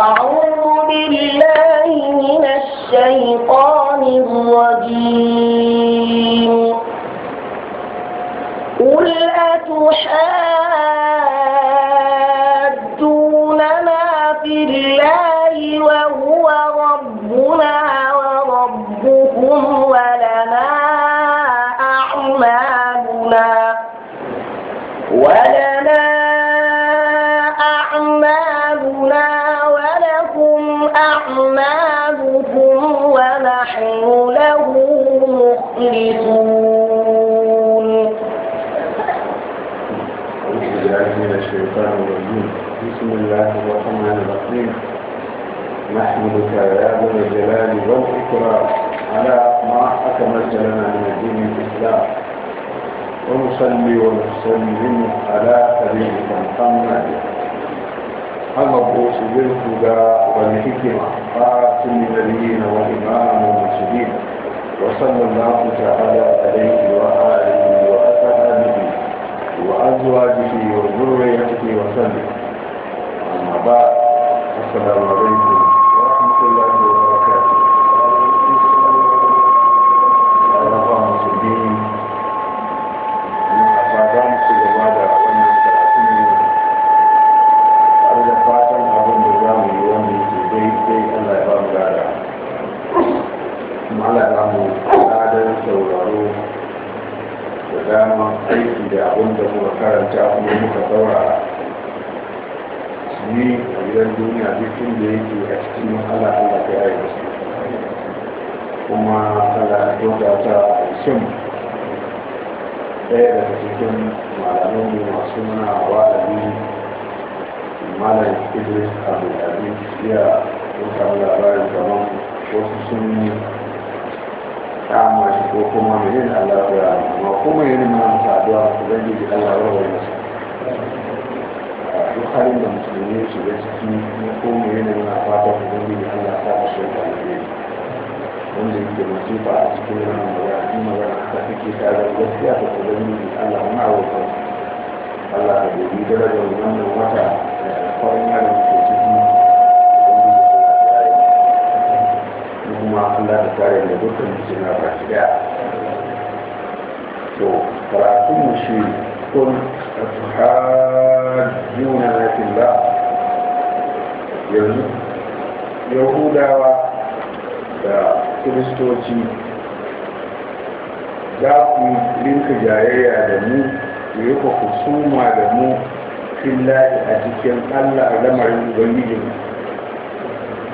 أعوذ بالله من الشيطان الرجيم قل أتحاجون وصلي وسلم على سبيلك محمد المبعوث بالهدى والحكمة قاتل النبيين والإمام المرسلين وصلى الله تعالى عليه وآله وأصحابه وأزواجه وذريته وسلم أما بعد السلام gidan duniya duk inda yake a cikin wahala Allah ka yi wasu kuma Allah ya kyauta ta shin ɗaya daga cikin malaman mu masu wa da ni malam Idris abu da Abdulaziz ya kyauta labarin kamar wasu sun yi kama shi ko kuma mai yin Allah ya amma kuma yin mana saduwa ubangiji Allah ya wani su duk halin da musulmi su da ciki na kome yanayin na fata da zai da Allah ta da shi da alheri wanda yake masifa a cikin wannan magana in magana ta take ta da gaskiya ta ko zai da Allah ma wata Allah ka dubi darajar wannan wata da alfarin yaron ke ciki kuma Allah ta kare da dukkan musulmi a baki daya to karatun mu shi كنتم تحاجوننا في الله يهوداوا da kiristoci za ku linka jayayya da mu ku yi ku suma da mu fillahi a cikin allah lamarin ubangijin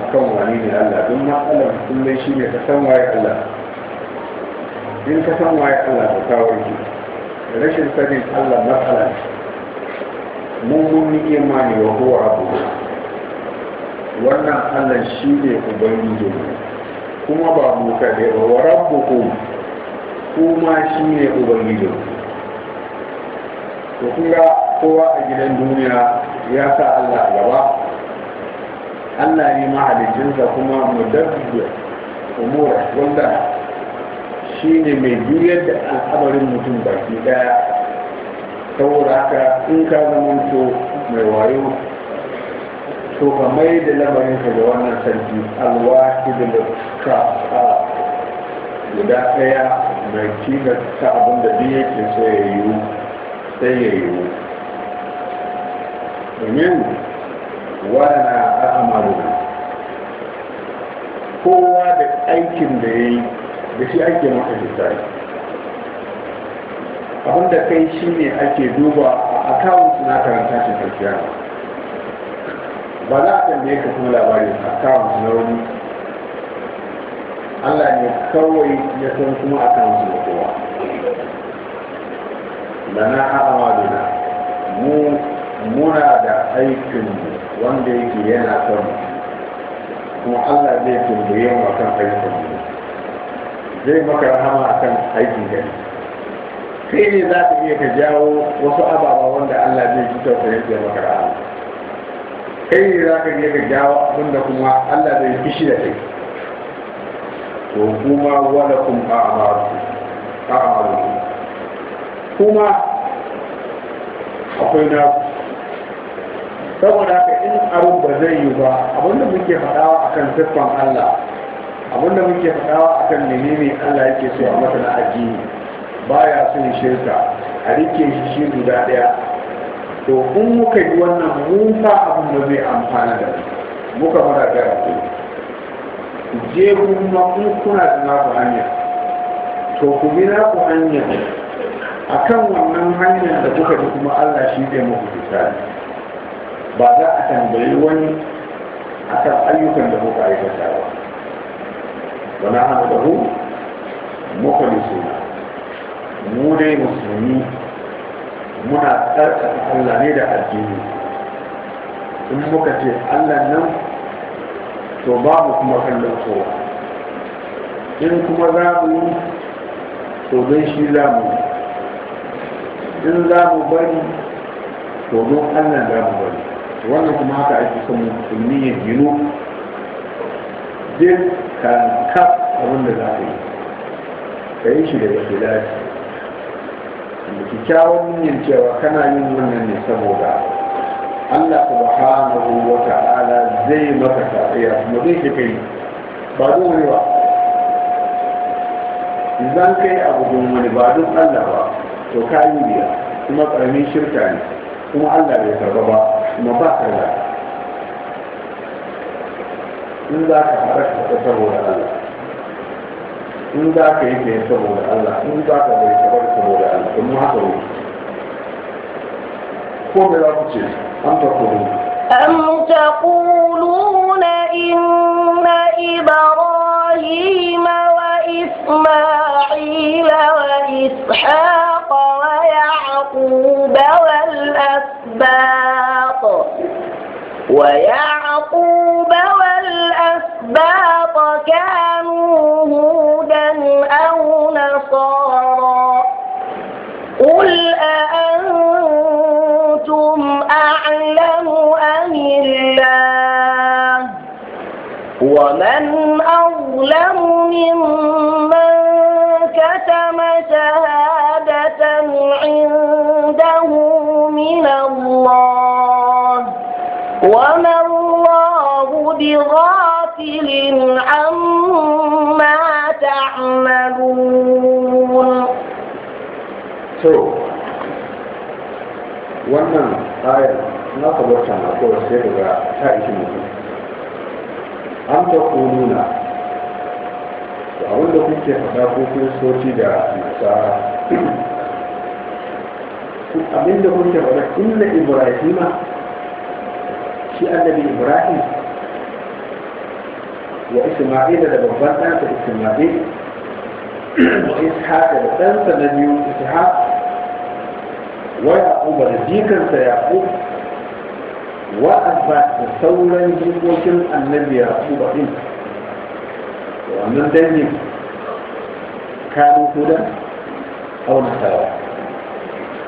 a kan wani ne allah don matsalar kullum shi ne ka san waye allah in ka san waye allah ka kawo shi rashin sanin Allah matsala mu mun yi imani wa huwa abu wannan Allah shi ne ubangiji kuma ba mu da ba wa rabbukum kuma shi ne ubangiji to kun ga kowa a gidan duniya ya sa Allah gaba Allah ne mahalicinsa kuma mudabbir umura wanda Shi ne mai juyar da al'amarin mutum baki daya saboda haka in ka zama mai wayo to ka mai da lamarin ka da wannan sarki alwahid da a guda daya mai kila ta abin da yake so ya sai ya yiwu domin wana a kowa da aikin da ya yi da shi ake maka littafi. Abinda kai shi ne ake duba a akawun na karanta shi tafiya ba za a tambaye ka kuma labarin a akawun na wani Allah ne kawai ya san kuma akawun su da kowa lana a'amaluna mu muna da aikin wanda yake yana kan kuma Allah zai tambaye mu akan aikin mu zai maka rahama kan aikin gari kai ne za ka iya ka jawo wasu ababa wanda Allah zai ji tausayin ya maka rahama kai ne za ka iya ka jawo abin da kuma Allah zai kishi da kai to kuma wala kun a'malu kuma akwai na saboda haka in abin ba zai yi ba abinda muke faɗawa akan siffan Allah abinda muke faɗawa akan menene Allah yake so a mata na addini baya son shirka a rike shi shi guda ɗaya to in muka yi wannan mun fa abin da zai amfana da muka fara gara ku je kuma in kuna da naku hanya to ku bi naku hanya akan wannan hanyar da kuka ji kuma Allah shi zai muku misali ba za a tambayi wani akan ayyukan da muka aikata ba wala hamdahu mukhlisun mu dai musulmi muna tsarkaka Allah ne da addini in muka ce Allah nan to ba mu kuma kallon kowa in kuma za mu yi to don shi za mu in za mu bari to don Allah za mu bari wannan kuma haka ake son musulmi ya gino duk kankan abin da za ka yi ka yi shi da ikhlasi da kyakkyawan niyyar cewa kana yin wannan ne saboda Allah subhanahu wa ta'ala zai maka tafiya kuma zai shi kai ba dole ba idan kai abu don wani ba don Allah ba to ka yi biya kuma karamin shirka ne kuma Allah bai karba ba kuma ba karba إن ذاك حرشت سبول الله ذاك إيجي سبول الله إن ذاك إيجي سبول سبول الله ثم هاتوا قوم إلى رجل أم تقولون أم تقولون إن إبراهيم وإسماعيل وإسحاق ويعقوب والأسباط ويعقوب aka bar na kowar sai daga ta ishi mutum an ta kununa da abin da kuke fada ko kiristoci da nasara abin da kuke faɗa inna ibrahima shi annabi ibrahim wa Isma'il da babban ɗansa isma'il wa ishaqa da ɗansa na biyu ishaq wa yaquba da jikansa yaqub wa'azba da sauran jikokin annabi ya su ba ɗin wannan dangin kanu huda aunasawa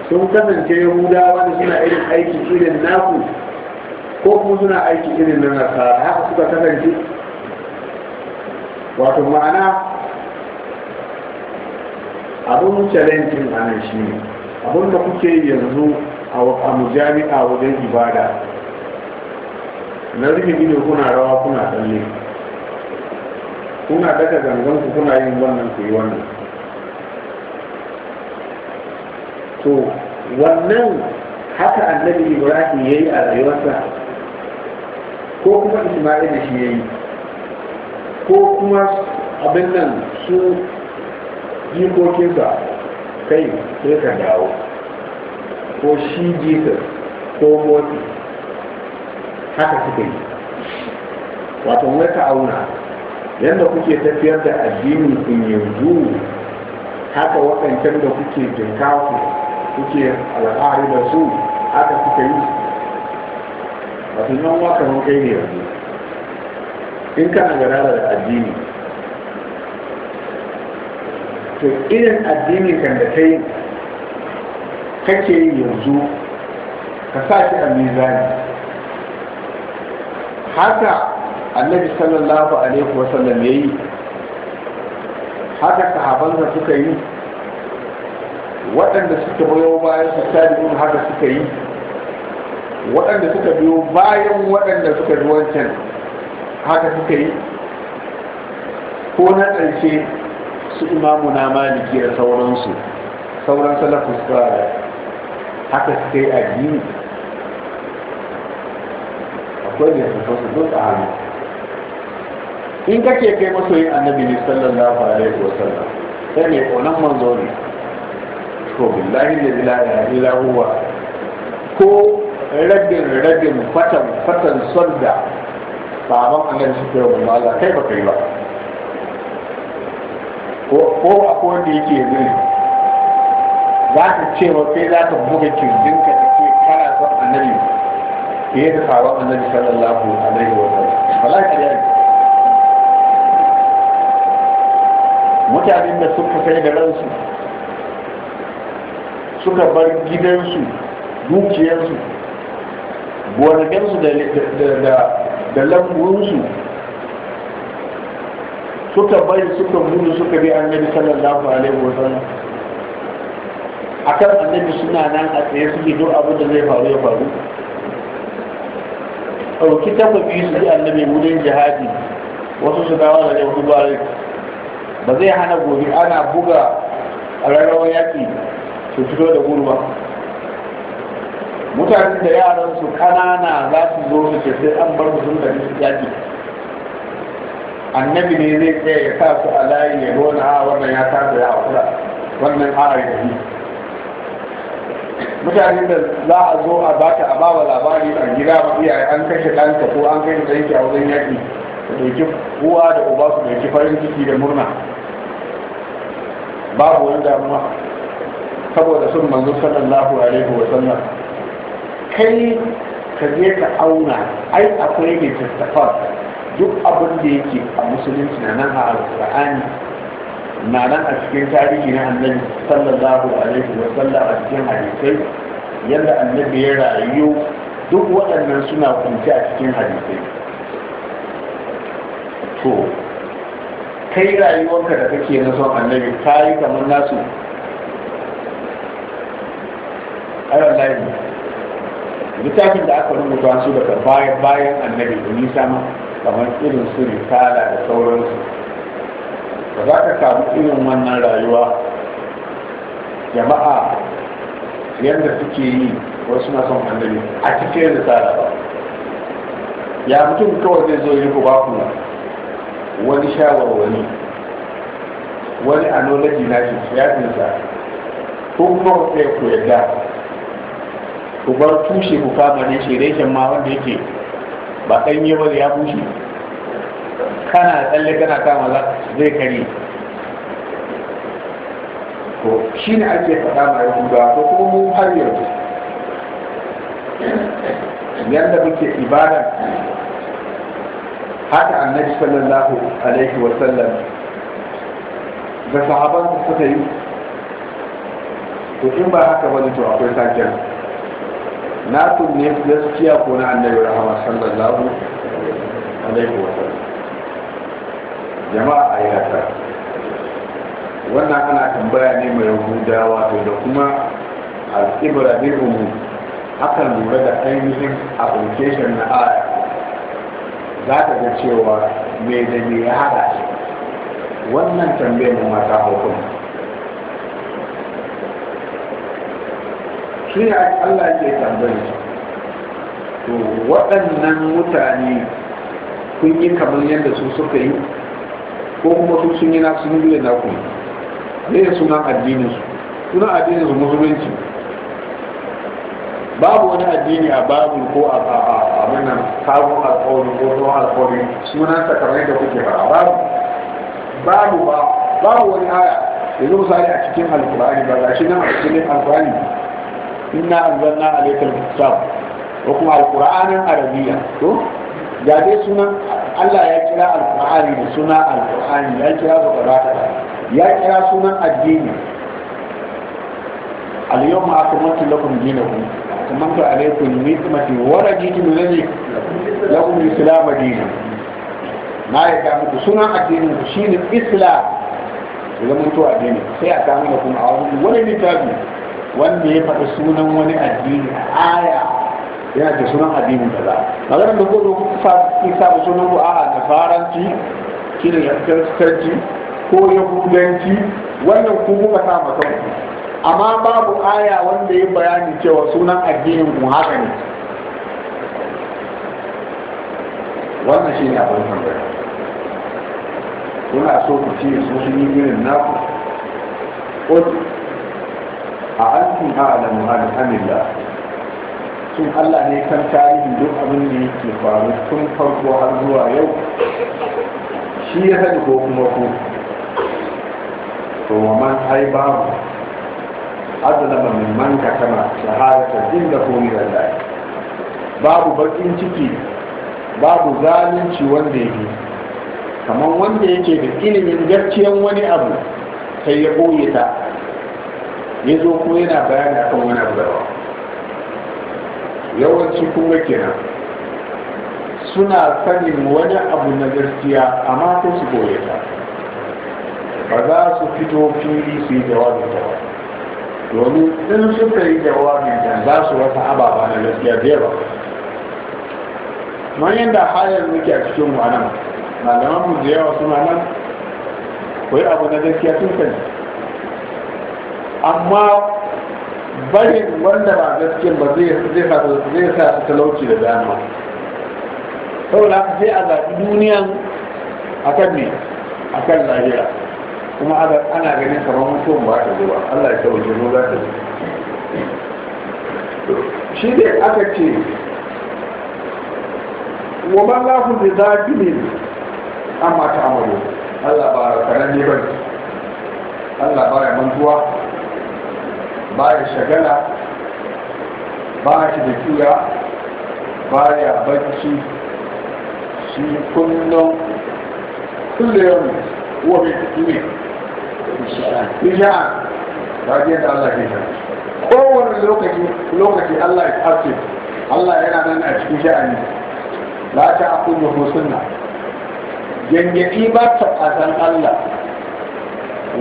sun kasance yahudawa da suna irin aiki irin naku ko kuma suna aiki irin na nasara haka suka kasance wato ma'ana abun challenging a nan shi ne abun da kuke yanzu a mujami'a wajen ibada na rike gini kuna rawa kuna tsalle kuna daga gangan ku kuna yin wannan ku yi wannan to wannan haka annabi ibrahim ya yi a rayuwarsa ko kuma isma'il da shi ya yi ko kuma abin nan su jikokinsa kai sai ka dawo ko shi jesus ko motsi haka suke yi wato mai ka auna yadda kuke tafiyar da addini in yanzu haka waɗancan da kuke jinkawa kuke al'ahari da su haka suke yi wato nan waka kamar kai ne yanzu in kana gara da addini to irin addini kan da kai kake yanzu ka sa shi a mizani haka annabi sallallahu alaihi wasallam ya yi haka sahabansa suka yi waɗanda suka biyo bayan su tabi'in haka suka yi waɗanda suka biyo bayan waɗanda suka bi wancan haka suka yi ko na ƙarshe su imamu na maliki da sauransu sauran salafus haka suka yi jini. dole ya fito su duk a hannu in kake kai masoyin annabi ne sallallahu alaihi wa sallam sai ne ƙonan manzo ne to billahi da bilahi ila huwa ko rabin rabin fatan fatan sonda baban annabi su kai wa Allah kai ba kai ba ko ko akwai wanda yake yanzu za ka ce wa kai za ka buga kirjinka da ke kana son annabi fiye da taron annabi a alaihi wa sallam falaki ne mutanen da suka kai da ransu suka bar gidansu dukiyarsu gonakinsu da lambunsu suka bari suka gudu suka bi annabi a laifin wasan a kan annabi suna nan a tsaye suke duk abin da zai faru ya faru ɗauki takwabi su ji annabi wurin jihadi wasu su dawo da yau ba zai hana gobe ana buga a rarrawar yaƙi su fito da gurba mutanen da yaran su kanana za su zo su ce sai an bar sun da su yaƙi annabi ne zai tsaye ya sa su a layi ya nuna a ah, wannan ya kasa ya hakura wannan a yi mutanen da za a zo a baka a bawa labari a gida ba iyaye an kashe ɗanka ko an kashe ɗanki a wajen yaƙi da ɗauki uwa da uba su ɗauki farin ciki da murna babu wani damuwa saboda sun manzo sallallahu alaihi wa sallam kai ka je ka auna ai akwai littattafan duk abin da yake a musulunci na nan a alƙur'ani na nan a cikin tarihi na annabi sallallahu alaihi wa sallam a cikin hadisai yadda annabi ya rayu duk waɗannan suna kunce a cikin hadisai to kai rayuwarka da kake na son annabi ta yi kamar nasu ƙarar layi littafin da aka rubuta su daga bayan annabi da nisa ma kamar irin su risala da sauransu da za ka samu irin wannan rayuwa jama'a yadda suke yi wasu na son annabi a cikin risala ba ya mutum kawai zai zo yi baku wani shawarwari wani anolaji na shi ya tsinsa ko kuma ya ku yadda ku bar tushe ku kama ne shi reshen ma wanda yake ba ɗanye ba ya bushe kana tsalle kana kama maza zai kari to shi ne ake faɗa ma yahuda ko kuma mu har yanzu yadda muke ibada haka annabi sallallahu alaihi wa sallam da sahaban suka yi to in ba haka ba to akwai sakin na kunne gaskiya ko na annabi rahama sallallahu alaihi wa sallam jama'a a yi haka wannan ana tambaya ne mai hudawa to da kuma al'ibra ne umu akan lura da ainihin application na aya za ta ga cewa me da me ya hada shi wannan tambayar mu mata hukum shi ne Allah ke tambayi to waɗannan mutane kun yi kamar yadda su suka yi ko kuma su sun yi nasu sun yi naku ne ne sunan addinin su sunan addinin su musulunci babu wani addini a babu ko a mana sabon alkawari ko tsohon alkawari sunan sakarai da kuke fara babu babu ba babu wani aya yanzu misali a cikin alkurani ba ga shi nan a cikin alkurani inna anzalna alaykal kitab ko kuma alqur'anin arabiyya to ga dai sunan Allah ya kira alqur'ani da suna alqur'ani ya kira su ta ya kira sunan addini al-yawma akmaltu lakum dinakum atmamtu alaykum ni'mati wa raditu lakum lakum al-islam dinan na ya muku sunan addinin ku shine islam ya mutu addini sai a samu da a wani wani littafi wanda ya faɗa sunan wani addini a aya yana da sunan addinin kaza magana da ko ku sa ki sa sunan ku a da faranci shi ne kristanci ko yahudanci wannan ku kuka sa ma amma babu aya wanda ya bayani cewa sunan addinin ku haka ne wannan shi ne abin tambaya kuna so ku ce su sun yi irin naku a antum a'lamu hal amillah cikin Allah ne kan tarihi duk abin da yake faru tun farko har zuwa yau shi ya haɗu ko kuma ku to wa man ai babu ba min man katama shahadatan inda ko ni da babu bakin ciki babu zalunci wanda yake kamar wanda yake da ilimin gaskiyan wani abu sai ya ɓoye ta ya zo ko yana bayani akan wani abu daban yawanci kuma kenan suna sanin wani abu na gaskiya amma ko su goye ta ba za su fito fili su yi jawabi ta ba domin in suka yi jawabi ta za su wata ababa na gaskiya da yawa man yadda hayar muke a cikin mu anan malaman mu da yawa suna nan koyi abu na gaskiya sun sani amma bari wanda ba gaske ba zai sa zai sa talauci da dama saboda haka sai a zaɓi duniyan akan ne akan lahira kuma ana ganin kamar mutum ba ta zuwa Allah ya tabbata mu za ta shi dai aka ce wa ma la ku bi ne amma ta amuru Allah ba karan ne ba Allah ba ya mantuwa ba ya shagala ba shi da kiya ba ya bacci shi kullum kullum wani ne isha ta biyar da Allah ke sha kowane lokaci lokaci Allah ya ce Allah yana nan a cikin sha'ani la ta aqulu suna. yanyaɗi ba ta ƙasan Allah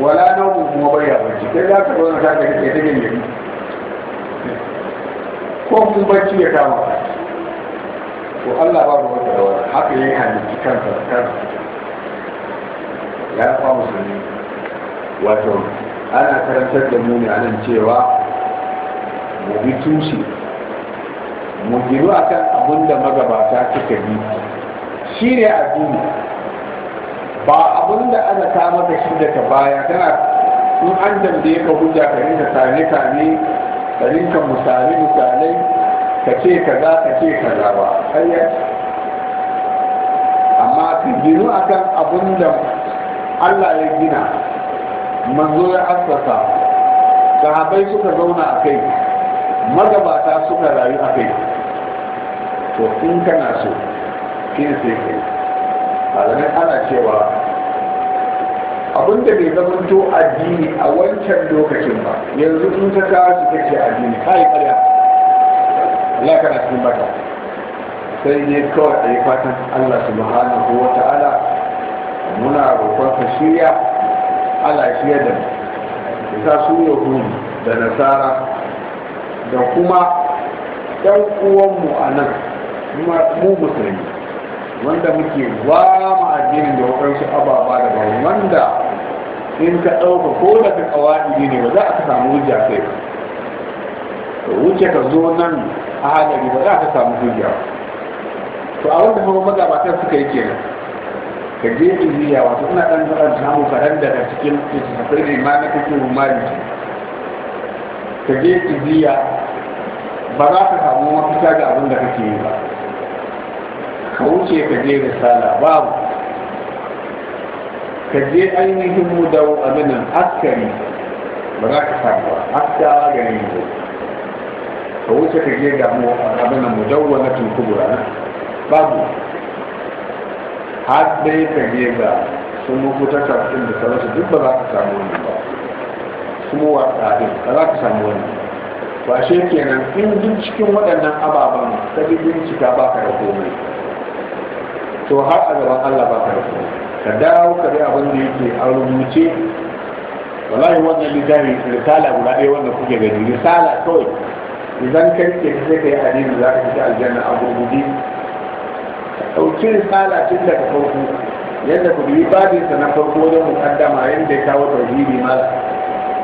wala naumu kuma bai ya bacci kai za ka zauna ta ka kake ta gani ko kuma bacci ya kama to Allah ba ruwa da wani haka ya halitta kansa kansa ya fa musulmi wato ana karantar da mu ne a nan cewa mu bi tushe mu gino akan abin da magabata suka bi shi ne addini ba abun da aka ta mata shi daga baya kana in an tambaye ka hujja ka rinka same kame ka rinka misali misalai ka ce kaza ka ce kaza ba ƙarya amma ka akan abun da Allah ya gina manzo ya asfasa sahabai suka zauna a kai magabata suka rayu a kai to in kana so shi sai kai malamai ana cewa abinda bai zamanto addini a wancan lokacin ba yanzu in ta kawo su ce addini ka yi karya Allah kana cikin bata sai ne kawai a yi fatan Allah ko wata ta'ala muna roƙon ka shirya Allah shirya da ta su yahudu da nasara da kuma ɗan uwanmu a nan mu musulmi wanda muke gwama addinin da shi ababa da ba, wanda in ka ɗauka ko da ka kawai ne ba za a samu hujja kai to wuce ka zo nan a hadari ba za ka samu hujja to a wanda kuma magabatan suka yi kenan ka je ibiya wato ina ɗan zaɓar samu kaɗan daga cikin cikin da ma na kake rumari ka je ibiya ba za ka samu mafita ga abin da kake yi ba ka wuce ka je misala, babu ka je ainihin mu da aminan askari ba za ka samu ba aska gari ne ka wuce ka je ga aminan mu dawwa na tunkubura babu har dai ka je ga sun mutu ta kafin da sauransu duk ba za ka samu wani ba mu wa tsadin ba za ka samu wani ba shi kenan in duk cikin waɗannan ababen ta bi bincika ba ka da komai to har a gaban Allah ba ka da ka dawo ka dai abin da yake a rubuce wallahi wannan littafi risala guda ɗaya wannan kuke gani risala kawai idan kai ke sai ka yi hadisi za ka fita aljanna a gurgudi ka ɗauki risala tun daga farko yadda ku biyi sa na farko wajen mukaddama yadda ya kawo tauhidi ma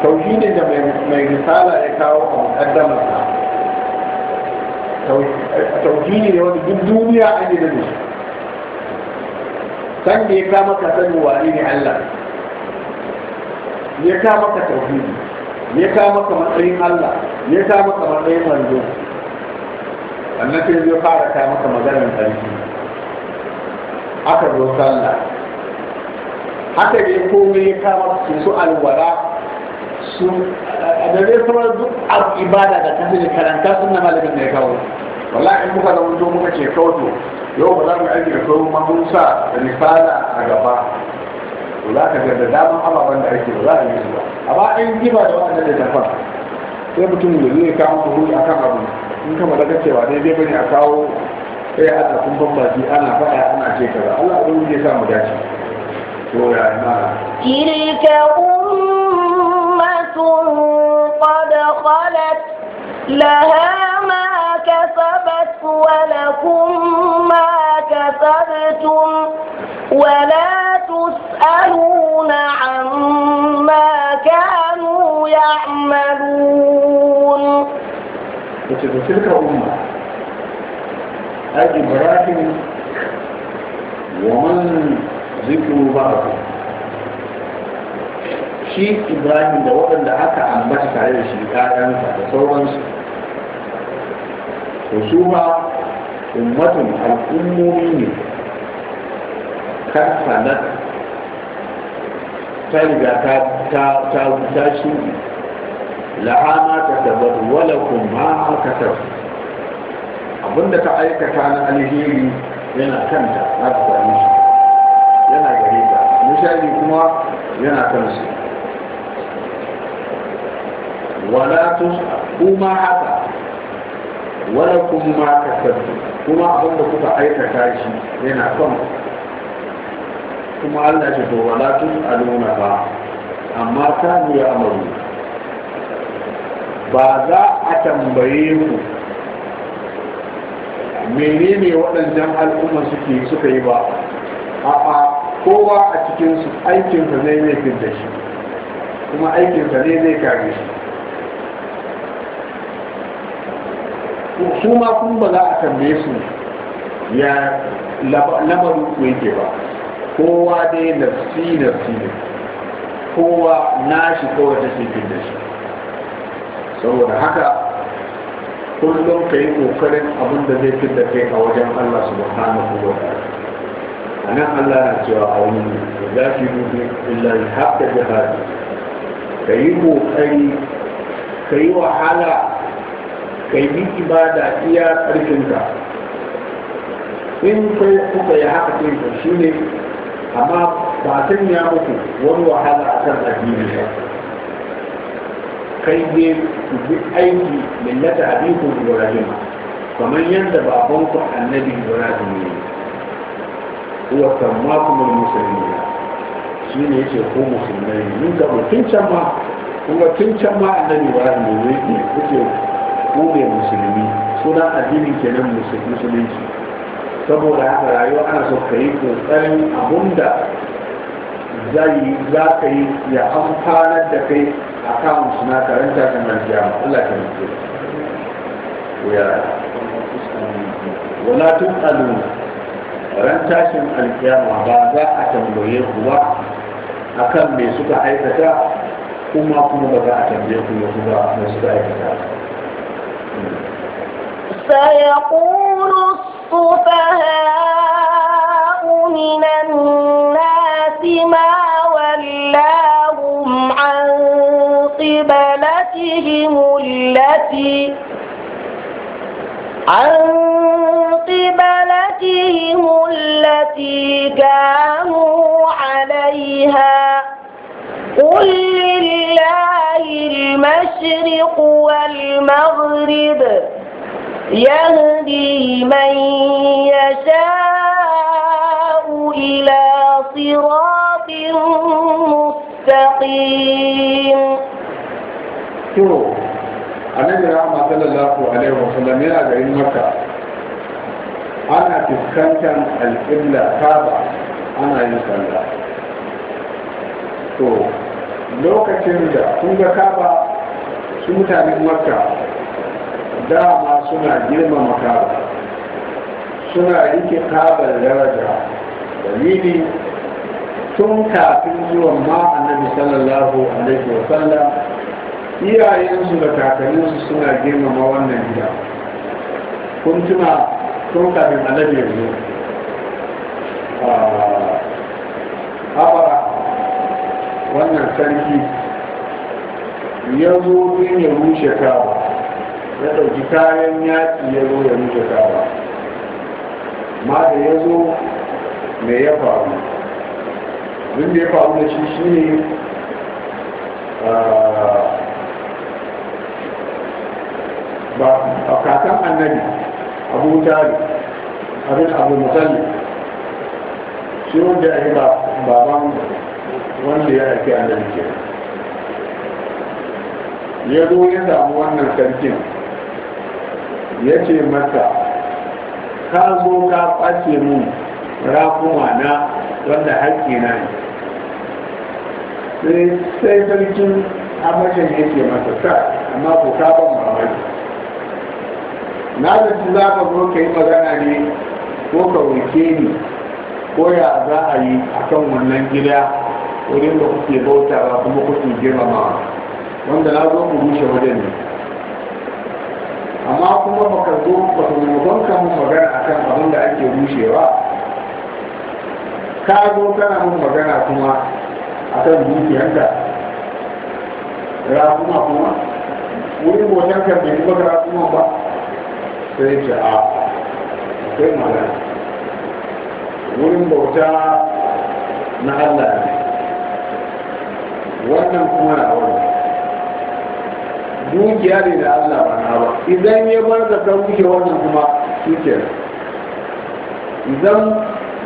tauhidi da mai risala ya kawo a mukaddamarsa tauhidi ne wani duk duniya an yi da shi san da ya kama ka sani wane ne Allah ya kama ka tauhidi ya kama ka matsayin Allah ya kama ka matsayin manzo annabi zai fara ta maka maganar sarki aka zo sallah haka ne komai ya kama su su alwara su da zai sauran duk ibada da kafin karanta sun na malamin da ya kawo wallahi in muka zama muka ce kawo yau ba za mu aiki da sauran mahunsa da risala a gaba to za ka ga da daman ababen da ake ba za a yi su ba amma in kiba da wa'annan da tafan sai mutum ya zai kawo kuhuri a kan abu in kama da cewa dai zai bane a kawo sai a tafin baki ana faɗa ana ce kaza Allah abin ya sa mu dace to ya imana tilka ummatun qad khalat laha ma كسبت ولكم ما كسبتم ولا تسألون عما كانوا يعملون كتب تلك أمة أي براكم ومن ذكر بعض شيء إبراهيم بوضع لعك عن بحث عليه الشيء كان ينفع يعني to su ma ummatun al'ummomi ne karfanat ta riga ta ta ta shi lahana ta tabar wala kuma aka tabar abinda ta aikata na alheri yana kanta za ta sami shi yana gare ta misali kuma yana kan su wala tus kuma haka wala kun ma kuma abin da kuka aikata shi yana kan kuma Allah ce to wala tun aluna ba amma ta ya amaru ba za a tambaye ku menene waɗannan al'umma suke suka yi ba a kowa a cikinsu aikinsa ne zai da shi kuma aikinsa ne zai kare shi su ma kuma ba za a tambaye su ya lamarin ku yake ba kowa dai nafsi nafsi ne kowa nashi kawai take jin da shi saboda haka kullum ka yi kokarin abin da zai fitar kai a wajen Allah su subhanahu ba, a nan Allah na cewa a wani da za ki rufe illa haka jihar, ka yi kokari ka yi wahala kai yi ibada iya ka in kai kuka yi haka ce shi ne amma ba san ya muku wani wahala a kan addini ba kai ne ku bi aiki millata abiku ibrahim kamar yadda baban ku annabi ibrahim ne huwa sammakum almuslimina shine yace ko musulmai mun ga tun ma kuma tun can ma annabi ibrahim ne yake hukumar musulmi suna addinin kenan musulunci saboda haka rayuwa ana so ka yi kokarin abunda zai za ka yi ya amfanar da kai a kan suna karanta ta marjiya Allah ta mutu wala tun alu ran tashin alkiyama ba za a tambaye ku ba akan me suka aikata kuma kuma ba za a tambaye ku ba me suka aikata سيقول السفهاء من الناس ما ولاهم عن قبلتهم التي عن قبلتهم التي كانوا عليها قل لله المشرق والمغرب يهدي من يشاء إلى صراط مستقيم شو النبي رحمة الله عليه وسلم يا جعل مكة أنا تسكنتم القبلة كعبة أنا يسلم to lokacin da kun ga kaba لك mutanen dama suna girmama kaba suna rike kabar daraja dalili tun kafin zuwan ma annabi sallallahu alaihi wa sallam iyayensu da kakanninsu suna girmama wannan gida kun tuna tun kafin annabi ya zo ah, abara wannan sarki ya zo ya rushe kawa ya ɗauki kayan yaƙi ya zo ya rushe kaba ma da ya zo mai ya faru abin da ya faru da shi shi ne ah, a annabi abu tari abin abu musalli shi wanda ya yi baban wanda ya haifi annabi ke ya zo ya samu wannan sarkin ya ce mata ka zo ka ɓace mu rafuwa na wanda haƙƙi na ne sai sai sarkin amashin ya ce mata ta amma ku ka ban mamaki na zaci za ka zo ka yi magana ne ko ka wuce ni ko ya za a yi a kan wannan gida wurin da kuke bautawa kuma kuke girmamawa wanda na zo ku rushe wajen ne amma kuma baka zo ba su ka mun magana akan abin da ake rushewa ka zo kana mun magana kuma akan dukiyanka rakuma kuma wurin motar ka bai kuma rakuma ba sai ce a akwai magana wurin bauta na Allah ne wannan kuma na wani dukiya ne da Allah ba na ba idan ya bar da ta wuce wannan kuma suke idan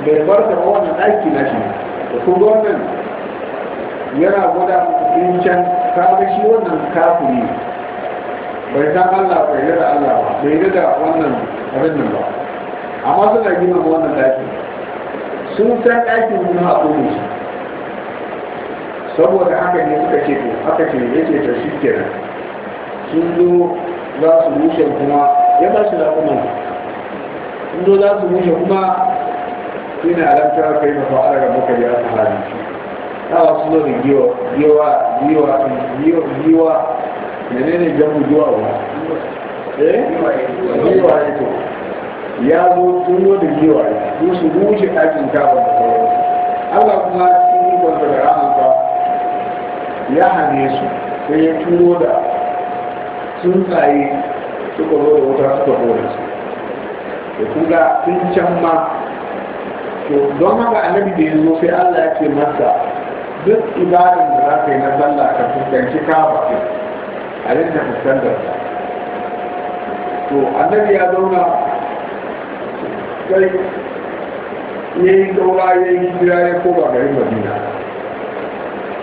bai bar da wannan aiki na shi da kuma wannan yana gwada in can shi wannan kafiri bai san Allah bai da Allah ba bai da wannan abin ba amma suna gina wannan daki sun san aikin kuma a saboda haka ne suka ce to haka ce ce ta shi kenan sun zo za su bushe kuma ya ba su raƙuman sun zo za su bushe kuma su ne alamtar kai mafi ala ga muka biya su hali na wasu zo da giwa giwa giwa giwa giwa ne ne jamu giwa wa eh giwa ne to ya zo sun zo da giwa ne su bushe ɗakin kawo da kawo Allah kuma cikin ikon da ramin ba ya hane su sai ya turo da tsuntsaye suka zo da wuta suka bora su da kuga sun can ma to don haka annabi da ya zo sai Allah ya ce masa duk ibadan da za ka yi na sallah ka fuskanci kaba ke a yadda fuskantar ta to annabi ya zauna sai ya yi daura ya yi hijira ya koba garin madina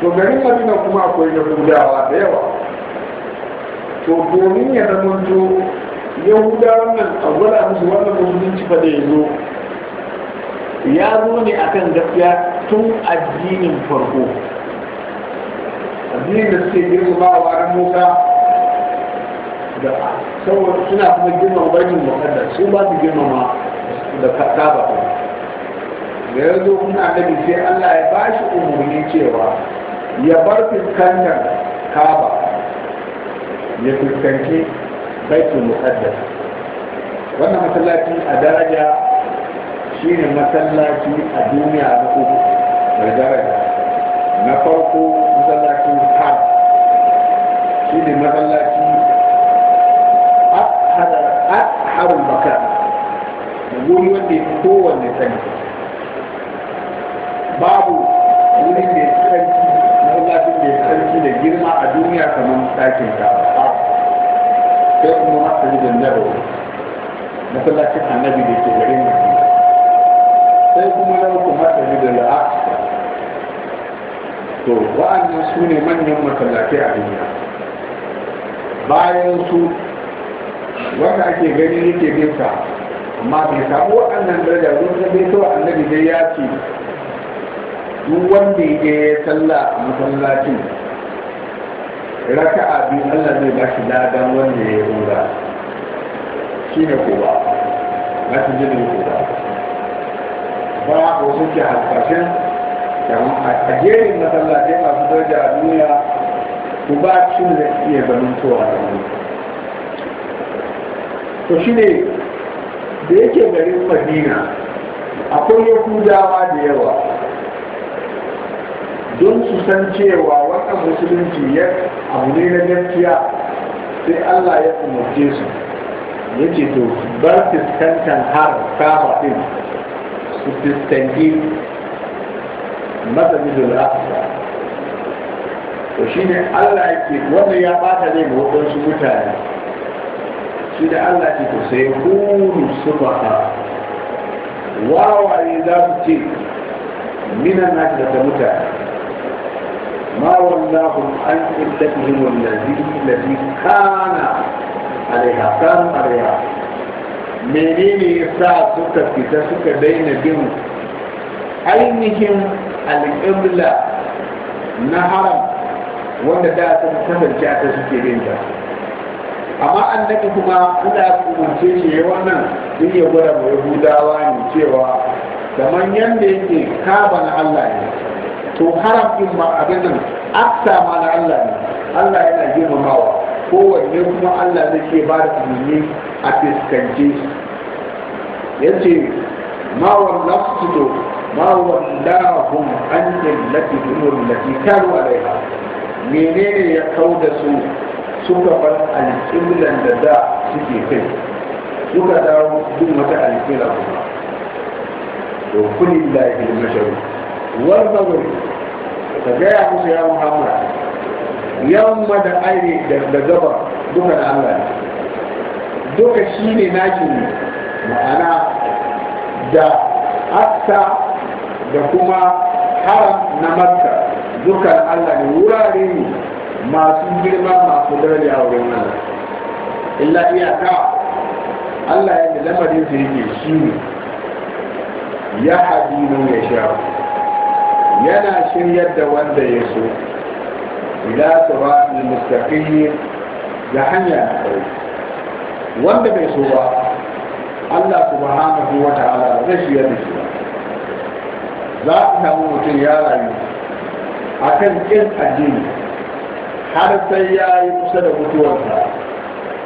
to garin madina kuma akwai yahudawa da yawa to domin ya zama to yahudawan nan a musu wannan musulunci fa da ya zo ya zo ne akan gaskiya tun addinin farko addinin da suke ba wa ran musa da saboda suna kuma girmama bakin muqaddas su ba su girmama da kaba da ya zo kuma annabi sai Allah ya bashi umarni cewa ya bar fuskantar kaba ya fuskanci baitul muqaddas wannan masallaci a daraja shine masallaci a duniya na uku mai daraja na farko masallacin har shine masallaci a harun baka wuri wanda ya kowanne sani babu wurin da ya sarki na wulatin da ya sarki da girma a duniya kamar ɗakin kawo sai kuma masjidin nabawi masallacin annabi da ke garin madina sai kuma na uku masjidin al-aqsa to wa'annan su ne manyan masallatai a duniya bayan su wanda ake gani yake bisa amma bai samu wa'annan daraja don ta bai tawa annabi dai ya ce duk wanda ya salla a masallacin raka'a biyu Allah zai ba shi ladan wanda ya rura shi ne ko ba ba shi jini ko ba ba ko suke hasashen a jerin masallatai masu fito da duniya ku ba shi da iya ganin towa da wani to shi ne da yake garin madina akwai yahudawa da yawa don su san cewa wannan musulunci ya abu ne na gaskiya sai Allah ya umarce su ya ce to bar fiskantar har kama ɗin su fiskanki masajidul aqsa to shine Allah ya ce wanda ya bata ne ga wadansu mutane shi da Allah ya ce to sai ba subaha wawaye za su ce minan naki da mutane ما ولاهم عن عدتهم الذي التي كان عليها كانوا عليها menene yasa suka fita suka daina bin ainihin alƙibla na haram wanda da sun kasance ta suke bin ta amma annabi kuma ina umarce shi wannan duk ya gwada mai yahudawa ne cewa kamar yadda yake kaba na Allah ne to haram din ma abin nan aksa ma na Allah ne Allah yana girmamawa kowanne kuma Allah ne ke ba da umarni a fiskance yace ma wallaftu ma wallahum an illati umur lati kanu alaiha menene ya da su suka bar alƙiblan da da suke kai suka dawo duk wata alƙibla kuma to kullillahi al-mashruq warzagun ka gaya musu ya muhammad yamma da aire da gaba duka da allah duka shi ne naki ma'ana da aksa da kuma haram na makka dukan allah ne wurare ne masu girma masu daraja a wurin nan illa iyaka allah ya da lamarin su yake shi ne ya haɗi nan ya sha yana shiryar da wanda ya so ila siratul mustaqim ga hanya na kai wanda bai so ba Allah subhanahu wa ta'ala ba zai shiryar da shi ba za a samu mutum ya rayu a kan ƙin addini har sai ya yi kusa da mutuwarsa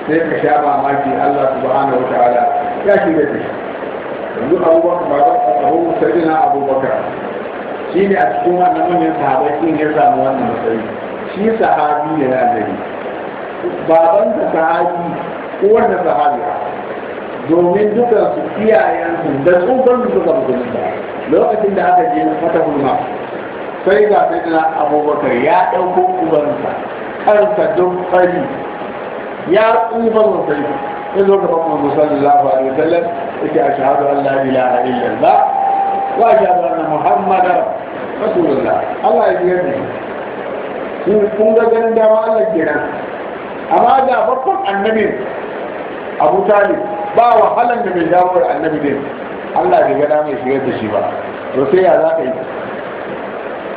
sai ka sha mamaki Allah subhanahu wa ta'ala ya shirya da shi yanzu abubakar ba za a tsaro sai abubakar shi ne a cikin wannan manyan sahabai shi ya samu wannan matsayi shi sahabi ne na gari baban da sahabi ko wanda sahabi domin duka su iyayensu da tsohon su suka mutunta lokacin da aka je fata hulma sai ga sai na abubakar ya ɗauko ubansa kansa don fari ya tsufa sosai ya zo gaban manzo sallallahu alaihi wasallam yake ashhadu an la ilaha illallah وأشهد أن محمدا رسول الله الله يجزيه kun ga ganin dama Allah kenan amma da babban annabi Abu Talib ba wahalan da bai dawo da annabi din Allah bai ya shigar da shi ba to sai za ka yi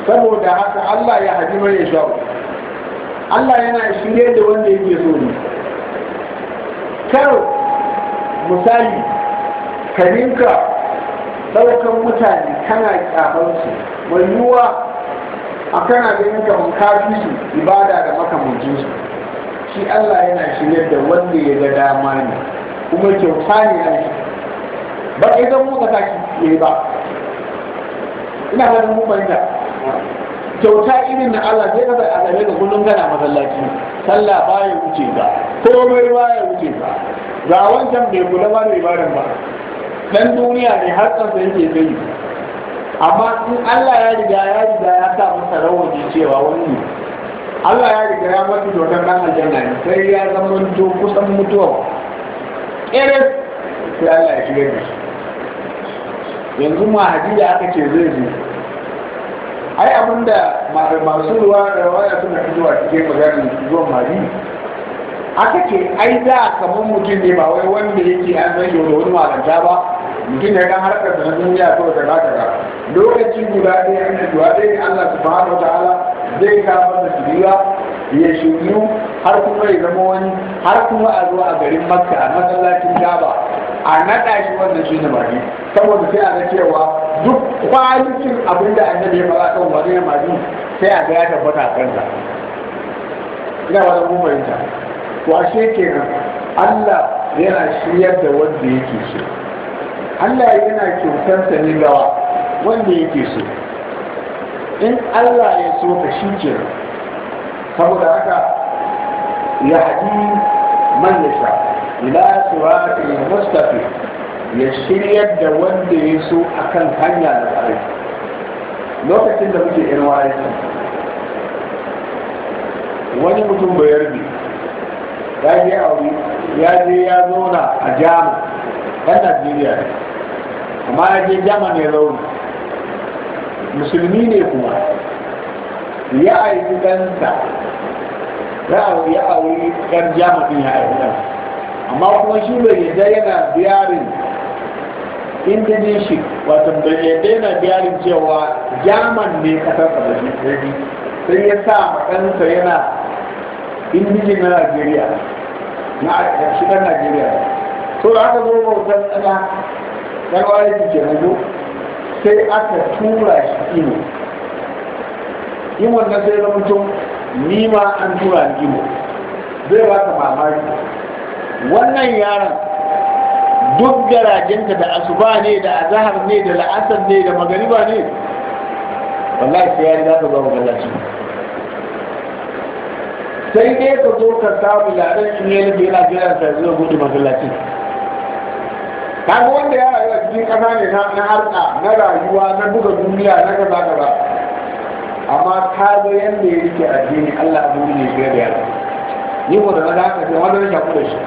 saboda haka Allah ya haji ya Allah yana shirye da wanda yake so ni. kar misali ka ɗaukan mutane kana kyafansu mai yiwuwa a kana ganin kafin kafi su ibada da makamancin su shi Allah yana shirya da wanda ya ga dama ne kuma kyauta ne a shi ba kai zan muka saki yayi ba ina ganin mun fahimta kyauta irin na Allah zai kasa a gare ka kullum kana masallaci sallah baya wuce ba, komai ya wuce ba. ga wancan bai kula ba da ibadan ba dan duniya ne har kansa yake gani amma in Allah ya riga ya riga ya sa masa rawani cewa wani Allah ya riga ya mutu dokan dan aljanna ne sai ya zama to kusan mutuwa kere sai Allah ya shiga da yanzu ma hadida aka ce zai zo ai abinda masu ruwa da rawaya suna fitowa cikin maganin zuwa mari aka ce ai da kamar mutum ne ba wai wanda yake an zai yau da wani malanta ba mutum ya ga harkar da na duniya ko da kaza Lokacin guda ɗaya in guda ɗaya Allah subhanahu wataala zai kawo da ya shiryu har kuma ya zama wani har kuma a zuwa a garin Makka a masallacin gaba a naɗa shi wannan shi ne mafi saboda sai a ga cewa duk kwalikin abin da annabi ya faɗa kan wani ya mafi sai a ga ya tabbata a kanta ina wani mun fahimta to kenan Allah yana shiryar da wanda yake shi. Allah yana kyautarsa ne gawa wanda yake so in Allah ya so ka shi ke saboda haka ya haɗi man Ila sha ila ya mustafi ya shiryar da wanda ya so kan hanya da tsari lokacin da muke irin wayarci wani mutum bayar ne ya je ya je ya zauna a jamus ɗan najeriya kuma ya je jama ne rauni musulmi ne kuma ya aiki ɗansa ya auri ɗan jama ɗin ya aiki ɗansa amma kuma shi bai yadda yana biyarin indonesia wato bai yadda yana biyarin cewa jaman ne kasar da shi sai ya sa ɗansa yana indijin na nigeria na shi ɗan nigeria so da aka zo bautar tsana na kawai ke hango sai aka tura shi imo imo na sai na mutum nima an tura ni imo zai ba ka mamaki wannan yaron duk garajenta da asuba ne da azahar ne da la'asar ne da magariba ne wallahi sai ya za ka zo masallaci sai dai ka zo ka samu ladan in yana da yana jiran sa zai gudu masallacin kaga wanda ya rayu a cikin kasa ne na harka na rayuwa na buga duniya na kaza kaza amma ka ga yanda ya rike addini Allah abu ne fiye da yaro ni ko da na haka sai wanda na shafu da shi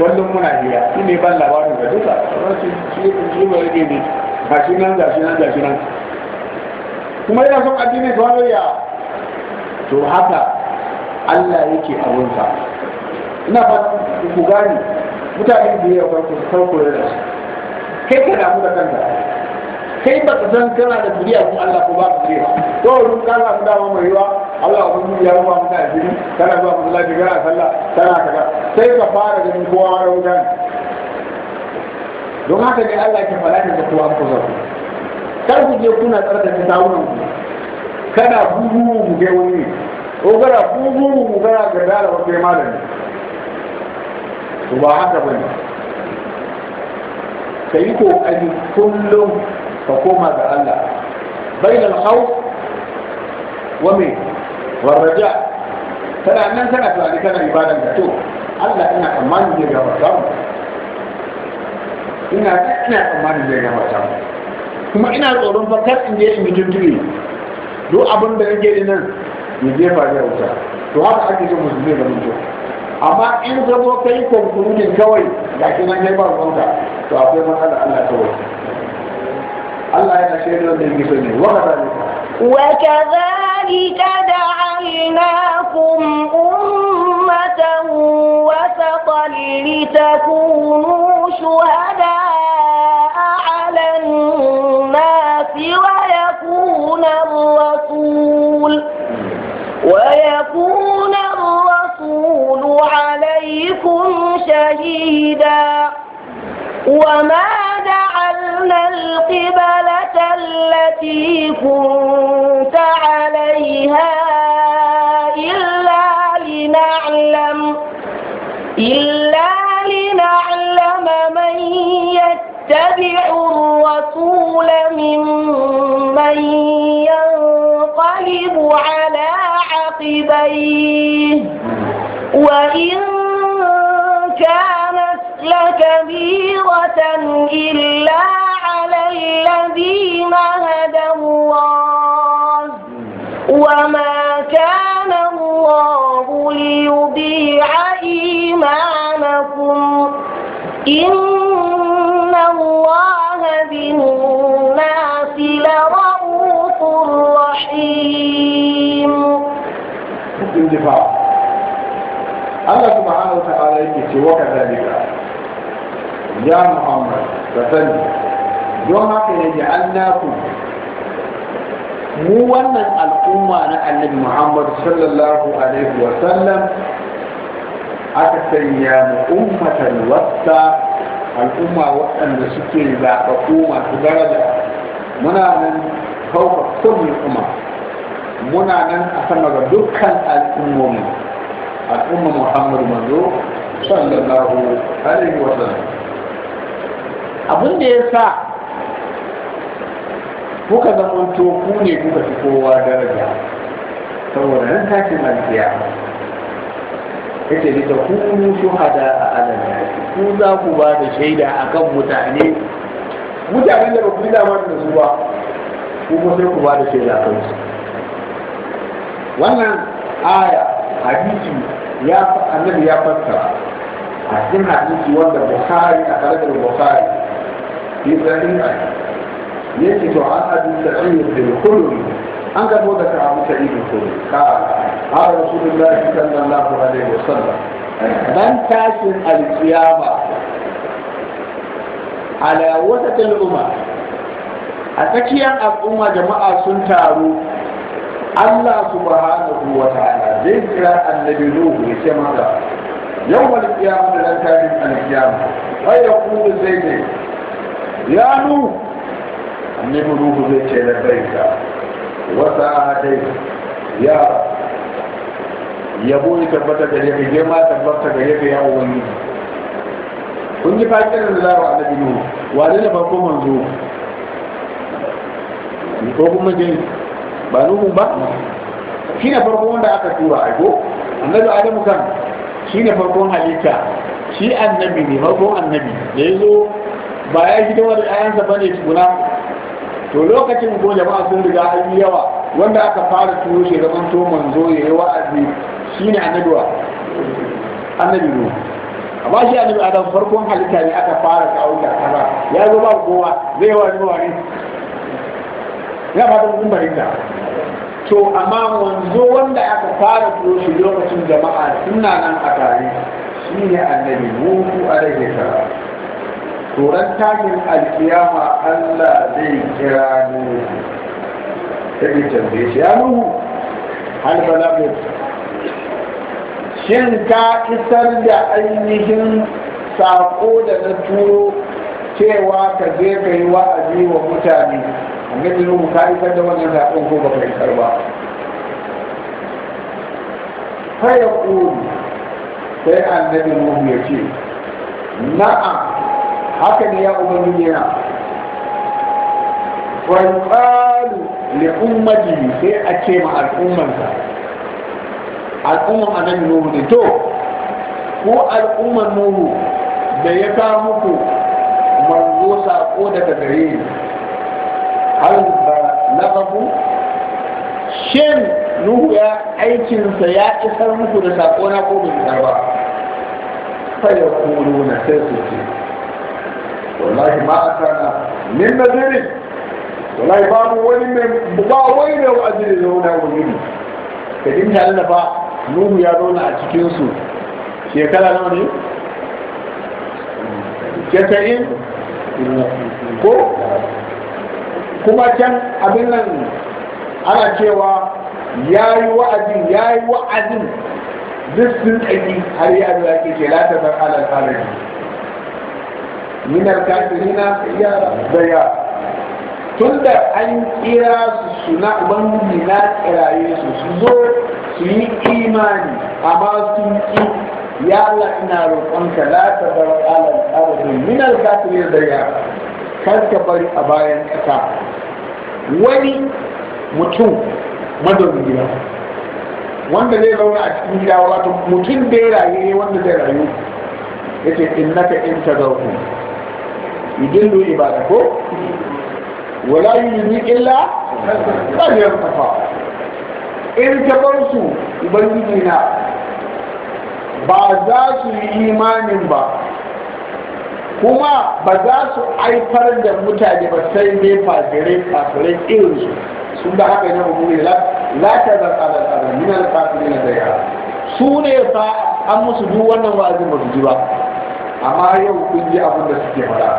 kullum muna biya shi ne ban labarin da duka shi shi ba yake ne ga shi nan ga shi nan ga shi nan kuma yana son addini su wani ya to haka Allah yake abunsa ina ba ku gani mutane da yawa ko san da su kai ka damu da kanka kai ba ka san kana da duniya ko Allah ko ba ka zuriya to wani ka samu dama mai yawa Allah ko mun ya ruwa maka ajiri kana zuwa masallaci jira sallah kana kaza sai ka fara ganin kowa ma wutan. don haka ne Allah ke falata da kowa ku zai kar ku je kuna da tawunan ku kada bugu mu ga wani ko gara bugu mu gara ga dalawa kai malami to ba haka ba ne ka yi ƙoƙari kullum ka koma ga Allah bainal Hau, wa me wa raja kana nan tana tunani kana ibadan da to Allah ina tsammanin zai gabata mu ina ina tsammanin zai gabata mu kuma ina tsoron fa kar in je in yi tuntuni duk abin da nake nan ya jefa ya wuta to haka ake jin musulmi da mutum amma in ka zo ka yi konkurudin kawai ga shi nan kai ba ruwanka to akwai matsala Allah ta wasu Allah yana shaidar da yake ne wa kadhalika wa kadhalika da'alnakum ummatan wasatan litakunu shuhada ala an-nas wa yakuna ar-rasul wa yakuna عليكم شهيدا وما جعلنا القبلة التي كنت عليها إلا لنعلم إلا لنعلم من يتبع الرسول ممن ينقلب على عقبيه وإن كانت لكبيرة إلا على الذين هدى الله وما كان الله ليضيع إيمانكم إن ce waka zalika ya muhammad ka sani don haka ne da annaku mu wannan al'umma na annabi muhammad sallallahu alaihi wa sallam aka sanya mu ummatan wasta al'umma waɗanda suke zaɓaɓɓu masu daraja muna nan kauka kulli umma muna nan a sama ga dukkan al'ummomi al'umma muhammadu manzo abin da ya sa kuka zamanto ku ne kuka fi kowa daraja saboda nan tashi ya ce ni ta su hada a alal ku za ku ba da shaida a kan mutane mutane da ba ku yi dama da su ba ku kuma sai ku ba da shaida a su wannan aya hadisi ya annabi ya fassara a cikin hadisi wanda bukhari a tare da bukhari fi sahiha yake to an abi sa'id da khulud an ga mu da ka abu sa'id bin khulud ka ha rasulullahi sallallahu alaihi wasallam dan tashin alkiyama ala wasatil umma a tsakiyar al'umma jama'a sun taru Allah subhanahu wa ta'ala zai kira annabi Nuhu ya ce maka yawmal qiyamah da tarin al-qiyamah ya yaqulu zai ce ya Nuhu annabi Nuhu zai ce da ka wa sa'adai ya yabo ya tabbata da yake ma tabbata da yake ya wani kun yi fakirin da zawa annabi Nuhu Wa da farko manzo ko kuma gani ba nuhu ba shi ne farko wanda aka tura aiko annabi adamu kan shi ne farkon halitta shi annabi ne farkon annabi da ya zo ba ya shi wani ayansa ba ne tukuna to lokacin ko jama'a sun riga an yi yawa wanda aka fara turo shi zaman to manzo ya yi wa'azi shi ne annabi wa annabi ne amma shi annabi adam farkon halitta ne aka fara kawo da kaza ya zo ba kowa zai wani wani ya fata mun barinta to amma wanzo wanda aka fara turo shi lokacin jama'a suna nan a tare shi ne annabi a rage tara turan takin alkiyama Allah zai kira nuhu sai tambaye shi ya nuhu hal balagut shin ka isar da ainihin sako da na turo cewa ka je ka yi wa'azi wa mutane annabi nuhu ka isar da wannan zaɓen ko ba isar ba fa yaqulu sai annabi nuhu ya ce na'am haka ne ya umarni yana fa'alu li ummati sai a ce ma al'ummansa al'umman annabi nuhu ne to ko al'umman nuhu da ya kawo muku manzo sako daga gare ni na balaghahu shin nuhu ya aikin sa ya isar muku da sako na ko bai isar ba fa yaquluna sai su ce wallahi ma atana min nadirin wallahi babu wani mai ba wani mai wa'azi da zauna wani ne ka dinga Allah ba nuhu ya zauna a cikin su shekara nawa ne casa'in ko kuma can abin nan ana cewa ya yi wa'azin ya yi wa'azin duk tsaki har yi abu ake ce lata bar alal halaji minar kafirina yara da yara tun da an kira su suna ubangiji na kiraye su su zo su yi imani amma su yi ya Allah ina roƙonka la ta bar alal ardi min al kafirin da ya kar ka bari a bayan ƙasa wani mutum mazaunin gida wanda zai zauna a cikin gida wato mutum da ya rayu ne wanda zai rayu ya ce in naka in ta zauku idillu ibada ko wala yi illa qadiyar kafa in ta bar ubangiji na ba za su yi imanin ba kuma ba za su haifar da mutane ba sai ne fasirai fasirai irin su sun da haka ne mu la la ta da tsada tsada da al fasirin da yara. su ne fa an musu duk wannan wa'azi ba su ji ba amma yau kun ji abin da suke fara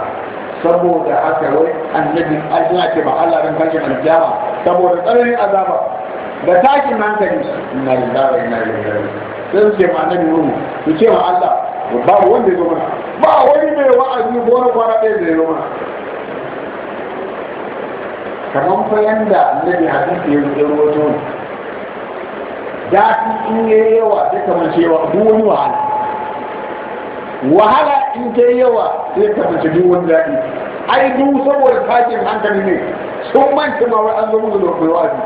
saboda haka wai annabi Allah ce ba Allah ran kashin aljama saboda tsananin azaba da tashin hankali inna lillahi wa inna ilaihi raji'un sai su ce ma annabi ruhu su ce ma Allah Ba wanda ya zo mana ba wani mai wa'azi gona kwana ɗaya da ya zo mana kamar fa yanda annabi hadisi ya zo wato daɗi in yi yawa sai kamar cewa duk wani wahala wahala in ta yi yawa sai kamar ce duk wani daɗi ai duk saboda tashin hankali ne sun manta ma wai an zo musu da mai wa'azi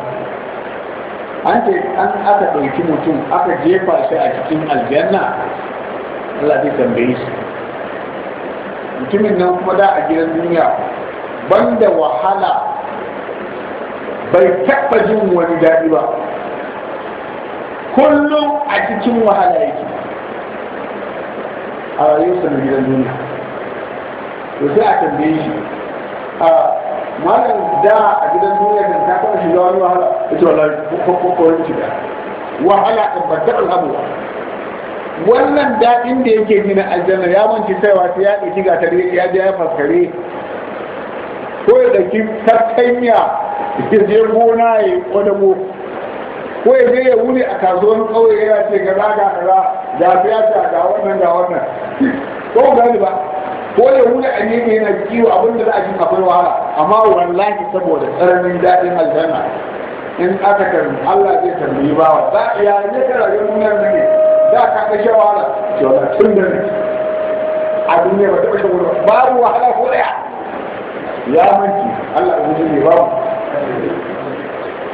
an ce an aka ɗauki mutum aka jefa shi a cikin aljanna Allah zai tambaye shi mutumin nan kuma da a gidan duniya banda wahala bai taɓa jin wani daɗi ba kullum a cikin wahala yake a rayuwarsa na gidan duniya to sai a tambaye shi a malam da a gidan duniya da ta taɓa shiga wani wahala ita wallahi ko ko ko shiga wahala ko ba taɓa hamuwa wannan daɗin da yake nuna aljanna ya wanci saiwa sai ya ɗauki gatare ya je ya faskare ko ya ɗauki da ya gona ya yi ƙwadago ko ya je ya wuni a kasuwan ƙauye ya ce kaza ga kaza ga siyasa ga wannan ga wannan ko gani ba ko ya wuni a ne yana kiwo abinda za a ji kafin wahala amma wallahi saboda tsananin daɗin aljanna in aka karbi Allah zai karbi bawa za a yayin ka rayuwar nan ne da ka ka sha wahala ce wala tun da a duniya ba taɓa ba, wahala babu wahala ko ɗaya ya manci Allah ya ne babu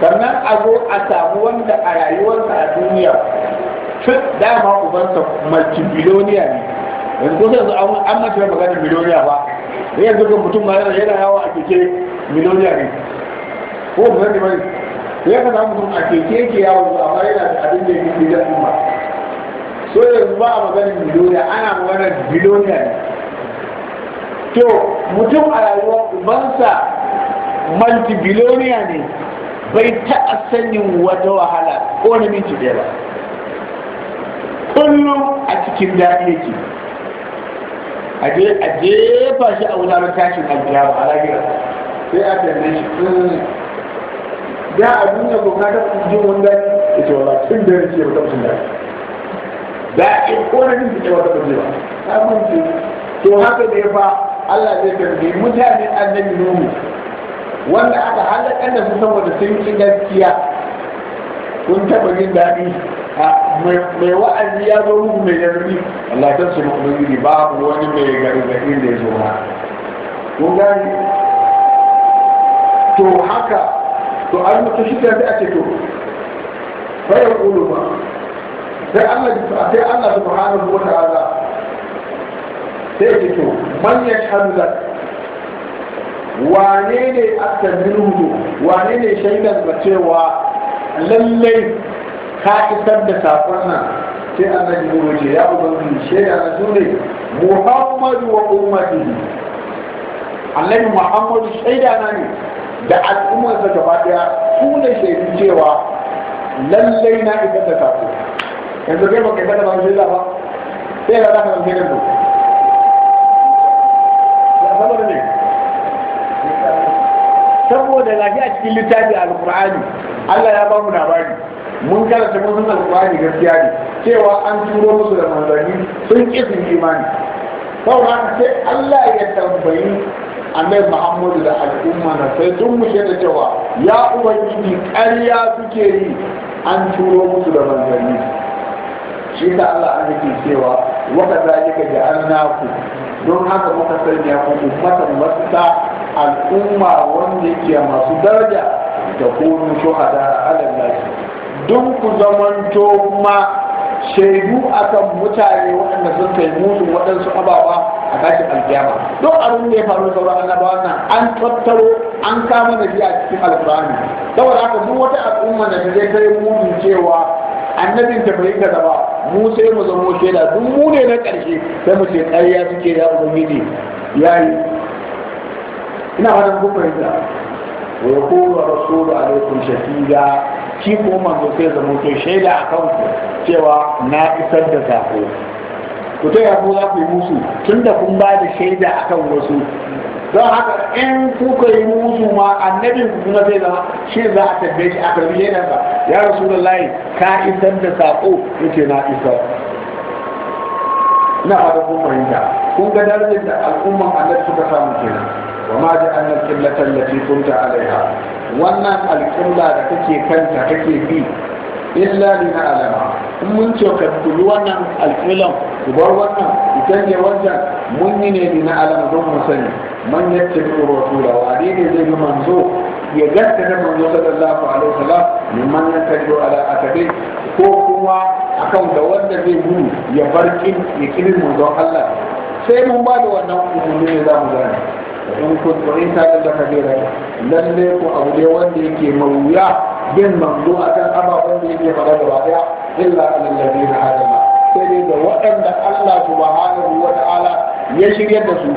sannan a zo a samu wanda a rayuwarsa a duniya tun dama ubansa multibiloniya ne yanzu ko sai an mace magana miliyoniya ba sai yanzu ga mutum ma yana yawa a keke miliyoniya ne ko ba zai bane sai ka samu mutum a keke yake yawo amma yana da abin da yake da al'umma so yanzu ba a maganin biloniya ana maganar biloniya ne to mutum a rayuwa ubansa multi biloniya ne bai taɓa sanin wata wahala ko na minti ɗaya ba kullum a cikin daɗi yake a jefa shi a wutar tashin alkiyama a ragira sai a tambaye shi hmm, da a duniya ko ka taɓa jin wani daɗi ita wala tun da yake ba taɓa jin daɗi daɗi ko na nufi ne wata bace ba ta kunce to haka ne fa Allah zai tambayi mutane annabi Nuhu wanda aka halaka da su saboda sun ki gaskiya kun taɓa jin daɗi mai wa'azi ya zo muku mai garbi Allah ta su mu'mini babu wani mai gargaɗi da ya zo ba kun gani to haka to an mutu shi ta a ce to fa ya ba sai Allah sai Allah subhanahu wa ta'ala sai ya to man yashhadu lak wane ne attabiruhu wane ne shaidar da cewa lallai ka isar da sakon nan sai annabi ne ce ya ubangiji shaida na su muhammadu wa ummatihi annabi muhammadu shaida na ne da al'ummarsa gaba daya su ne shaidu cewa lallai na isar da sakon yanzu kai baka da ba shi ba sai ya zaka zance ne saboda saboda gashi a cikin littafi alqur'ani Allah ya ba mu labari mun karanta mun san alqur'ani gaskiya ne cewa an turo musu da manzanni sun ki sun imani saboda sai Allah ya tambayi annabi Muhammadu da al'umma na sai tun mu da cewa ya ubangiji ƙarya suke yi an turo musu da manzanni shi da Allah an yake cewa wa kadhalika ja'alnaku don haka muka sanya ku ummatan wasta al'umma wanda yake masu daraja da kunu shuhada ala nas don ku zamanto kuma shaidu akan mutane waɗanda sun kai musu waɗansu ababa a tashin alkiyama duk abin da ya faru sauran annabawan nan an tattaro an kama da shi a cikin alkur'ani saboda haka duk wata al'umma da zai kai mutum cewa annabin ta bai ka ba mu sai mu zamo shaida duk mu ne na karshe sai mu ce ƙarya suke ya ubangiji yayi ina fatan kun fahimta wa yaqulu rasul alaikum shahida ki ko mu sai zamo to shaida a ku. cewa na isar da sako ku ta yabo za ku yi musu tunda kun ba da shaida akan wasu don haka in kuka yi musu ma annabin ku kuma zai zama shi za a tabbe shi a karbi yana ba ya layi ka isar da sako yake na isar Ina fara kun fahimta kun ga darajar da al'umman annabi suka samu kenan wa ma da annal qiblatan lati kunta alaiha wannan alƙibla da kake kanta kake bi illa li na alama in mun ce ka kulu wannan alfilan ku bar wannan ku canje wancan mun yi ne na alama don mu sani man yace bi da. Wani ne zai bi manzo ya gaskata manzo sallallahu alaihi wasallam mimman yakadu ala akabi ko kuma akan da wanda zai gudu ya bar kin ya kirin manzon Allah sai mun ba da wannan umarni ne za mu gane in kun ta da kabira lalle ku aure wanda yake mawuya yin manzo akan ababen da yake faɗa gaba daya illa alal ladina hadama sai dai da waɗanda Allah subhanahu wa ta'ala ya shirya da su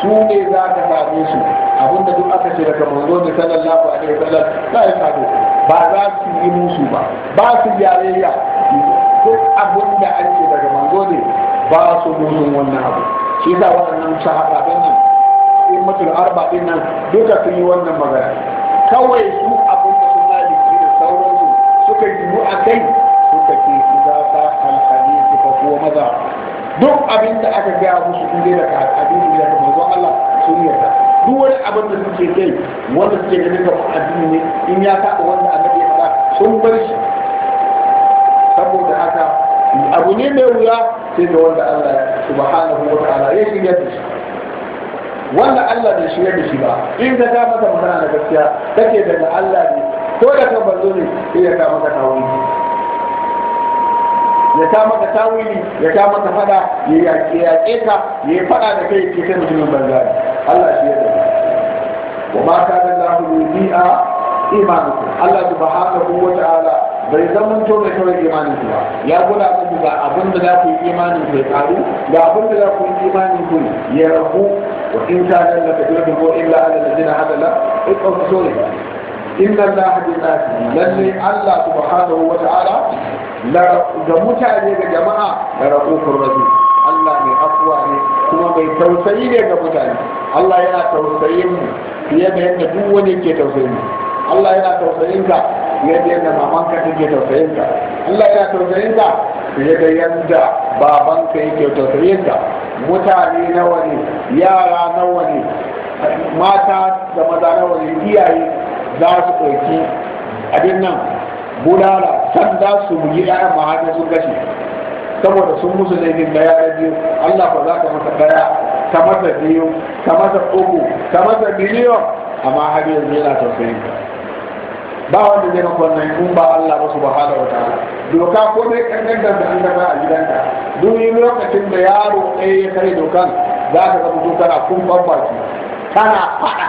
su ne za ka same su abinda duk aka ce daga manzo ne sallallahu alaihi wasallam ba ya sado ba za su yi musu ba ba su yayayya duk abinda an ce daga manzo ne ba su musun wannan abu shi yasa waɗannan sahababan nan in mutul arba din nan duka sun yi wannan magana kawai suka yiwu a kai suka ce idza sa duk abin da aka gaya musu in dai daga hadisi da Allah sun duk wani abin da suke kai wanda suke ganin kamar addini ne in ya wanda sun bar shi saboda haka abu ne mai wuya sai ga wanda Allah subhanahu wa ta'ala ya shirya da shi wanda Allah bai shirya da shi ba in ka ta masa magana da gaskiya take daga Allah ne ko da ka manzo ne sai ya kama ka tawili ya ta maka tawili ya ta maka fada ya yaƙe ka ya fada da kai ke kan mutumin banza Allah shi ya da wa ma kana lahu yudi'a imanukum Allah subhanahu wa ta'ala bai zama to mai kawai imanin ku ba ya gura ku ga abin da za ku yi imanin ku ya karu ga abin da za ku yi imanin ku ya rabu wa in ka dole ko illa ala alladhina hadala ikon sore inna Allah bi nasi lalle Allah subhanahu wa ta'ala ga mutane ga jama'a da rahufur rahim Allah mai afuwa ne kuma mai tausayi ne ga mutane Allah yana tausayin mu fiye da yadda duk wani ke tausayin mu Allah yana tausayin ka fiye da yadda mamanka take tausayin ka Allah yana tausayin ka fiye da yadda babanka yake tausayin ka mutane nawa ne yara nawa ne mata da maza nawa ne iyaye za su ɗauki abin nan bulala za su yi ma mahaifin sun gashi saboda sun musu laifin da ya biyu Allah ba za ka masa ɗaya ka masa biyu ka masa uku ka masa miliyon amma har yanzu yana tausayin ba wanda zai maka kwanan in ba Allah ba subhanahu wa ta'ala doka ko dai kankantar da an gaba a gidanka duk lokacin da yaro ɗaya ya kare dokan za ka zama dokar a kun baki kana faɗa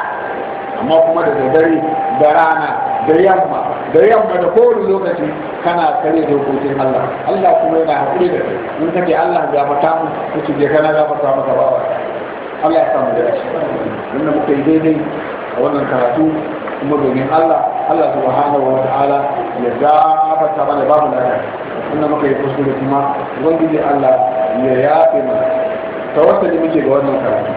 amma kuma da dare da rana da yamma da yamma da kowane lokaci kana kare hukuncin Allah Allah kuma yana hakuri da kai in kake Allah ya mata mu kace je kana ga mata maka ba Allah ya samu da shi wannan muke yi daidai a wannan karatu kuma domin Allah Allah subhanahu wa ta'ala ya ba zaba mana babu lafiya wannan muke yi kuskure kuma ubangiji Allah ya yafe mana tawassuli muke ga wannan karatu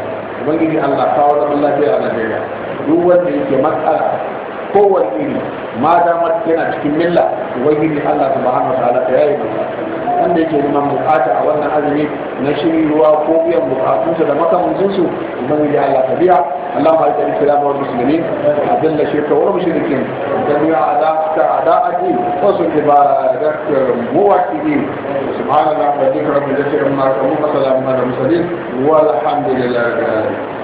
ubangiji Allah kawo zaman lafiya a Najeriya duk wanda yake matsala kowane iri ma damar yana cikin milla ubangiji Allah subhanahu wa ta'ala ta yayi masa wanda yake neman bukata a wannan azumi na shiri ruwa ko biyan bukatunsa da makamantin su ubangiji Allah ta biya Allah ma ya kira wa musulmi a dalla shirka wa mushrikin jami'a ala ta ada'ati wa subarak muwaqqi'in subhanallahi wa bihamdihi rabbil alamin wa salamun ala mursalin والحمد لله